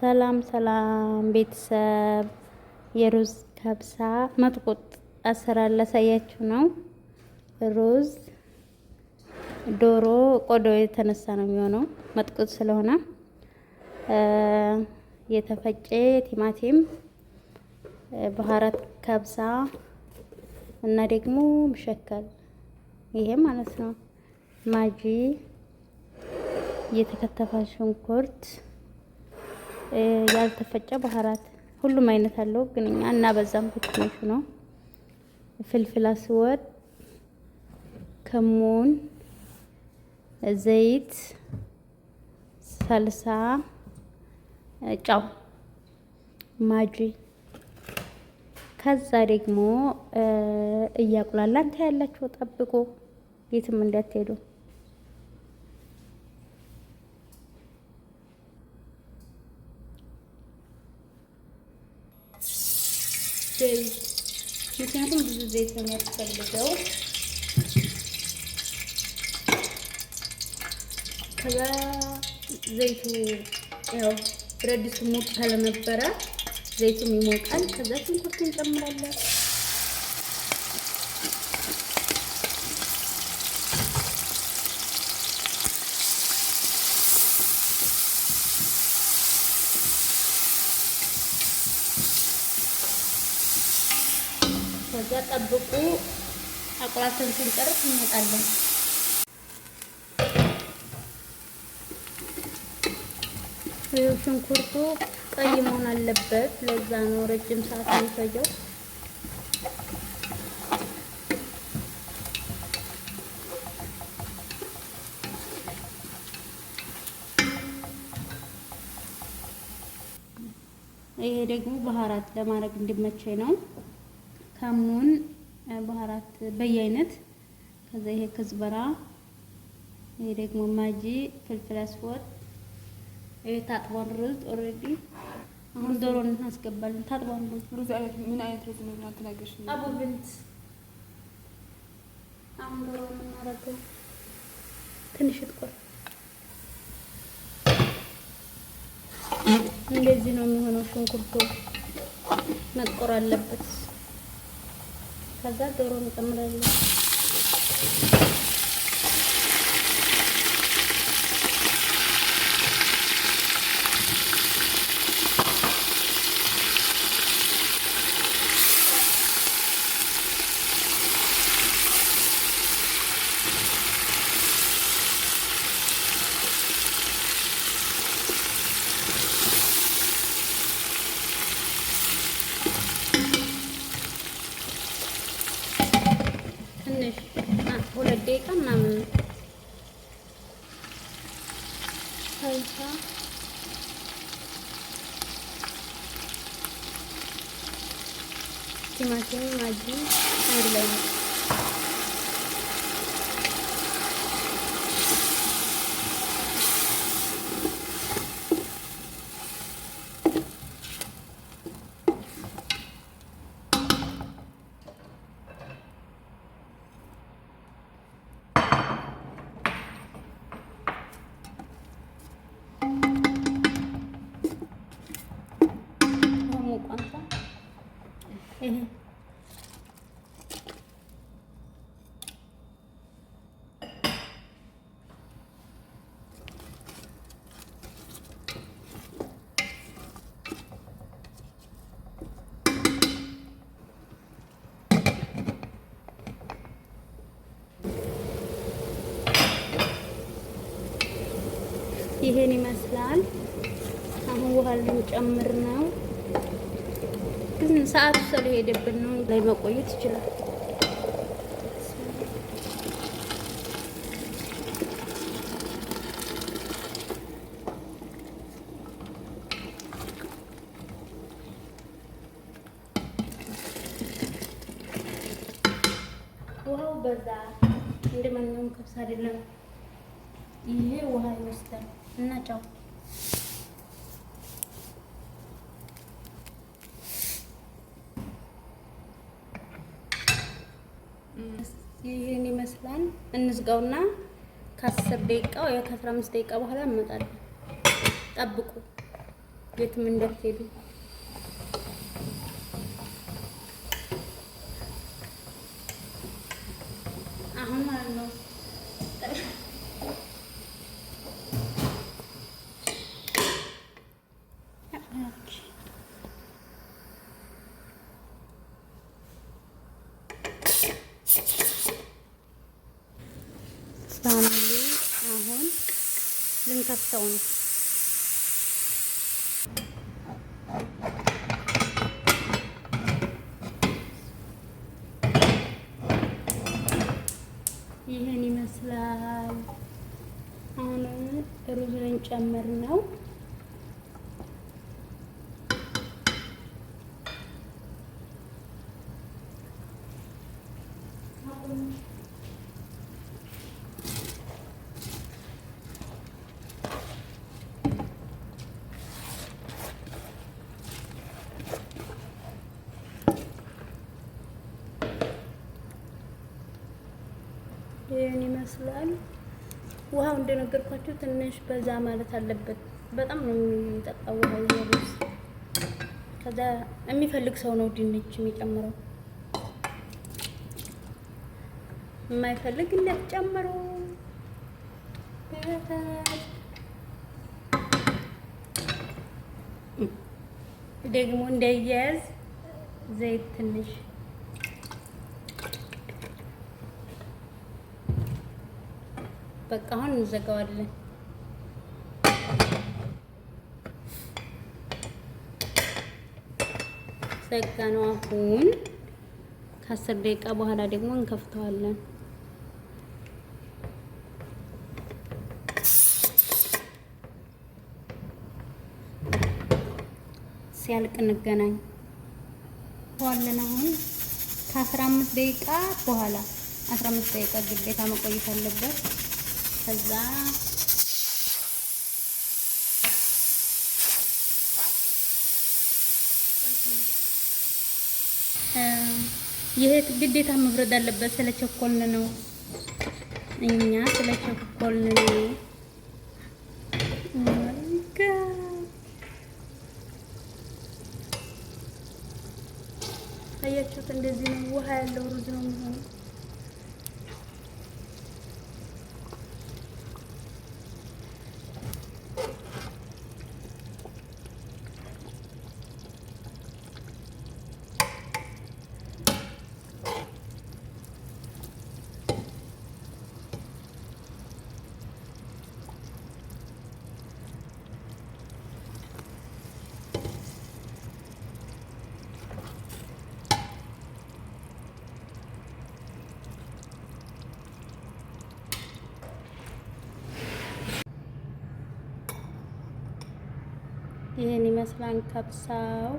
ሰላም ሰላም ቤተሰብ፣ የሩዝ ከብሳ መጥቆጥ አሰራር ላሳያችሁ ነው። ሩዝ ዶሮ ቆዶ የተነሳ ነው የሚሆነው መጥቆጥ ስለሆነ የተፈጨ ቲማቲም፣ ባህራት ከብሳ እና ደግሞ መሸከል ይሄ ማለት ነው ማጂ፣ የተከተፈ ሽንኩርት ያልተፈጨ ባህራት ሁሉም አይነት አለው፣ ግን እኛ እና በዛም በትንሹ ነው። ፍልፍል አስወድ፣ ከሙን፣ ዘይት፣ ሰልሳ፣ ጫው ማጂ ከዛ ደግሞ እያቁላላ እንታ ያላችሁ ጠብቆ የትም እንዳትሄዱ። ዘይት፣ ምክንያቱም ብዙ ዘይት ነው የሚያስፈልገው። ከዛ ዘይቱ ያው ብረት ድስቱ ሞቅ ስለነበረ ዘይቱም ይሞቃል። ከዛ ሽንኩርት እንጨምራለን። ከዛ ጠብቁ። አቁላልተን ስንጨርስ እንወጣለን። ይኸው ሽንኩርቱ ቀይ መሆን አለበት። ለዛ ነው ረጅም ሰዓት የሚፈጀው። ይሄ ደግሞ ባህራት ለማድረግ እንዲመቸኝ ነው። ከሙን ባህራት በየአይነት ከዛ ይሄ ክዝበራ ይሄ ደግሞ ማጂ ፍልፍል አስወጥ ይሄ ታጥቧን ሩዝ ኦልሬዲ አሁን ዶሮ እናስገባለን። ታጥቧን ሩዝ ሩዝ አይነት ምን አይነት ሩዝ ነው ማተናገሽ አቡ ብንት አሁን ዶሮ የምናደርገው ትንሽ ጥቆር እንደዚህ ነው የሚሆነው። ሽንኩርቱ መጥቆር አለበት። ከዛ ዶሮ እንጨምራለን 음. 살짝. Semakin maju air ይሄን ይመስላል። አሁን ውሃ ልንጨምር ነው። ግን ሰዓቱ ስለሄደብን ነው ላይ መቆየት ይችላል። ውሃው በዛ እንደማንኛውም ከብስ አይደለም ይሄ ውሃ ይወስዳል እና ጫው እንዝጋውና ከአስር ደቂቃ ወይ ከአስራ አምስት ደቂቃ በኋላ እንመጣለን። ጠብቁ፣ የትም እንዳትሄዱ። አሁን ማለት ነው Okay. ሳህኑ አሁን ልንከፍተው ነው። ይህን ይመስላል። አሁን ሩዝ ልንጨምር ነው። ይህን ይመስላል። ውሃው እንደነገርኳችሁ ትንሽ በዛ ማለት አለበት። በጣም ነው የሚጠጣው ውሃ ይዘሩስ። ከዛ የሚፈልግ ሰው ነው ድንች የሚጨምረው፣ የማይፈልግ እንዳትጨምሩ። ደግሞ እንዳያያዝ ዘይት ትንሽ በቃ አሁን እንዘጋዋለን። ዘጋ ነው። አሁን ከአስር ደቂቃ በኋላ ደግሞ እንከፍተዋለን። ሲያልቅ እንገናኝ። ዋለን አሁን ከአስራ አምስት ደቂቃ በኋላ አስራ አምስት ደቂቃ ግዴታ መቆየት አለበት። ከዛ ይሄ ግዴታ መብረድ አለበት። ስለቸኮልን ነው እኛ ስለቸኮልን ነው። አያችሁት? እንደዚህ ነው ውሃ ያለው ሩዝ ነው የሚሆነው። ይህን ይመስላል አንካፕሳው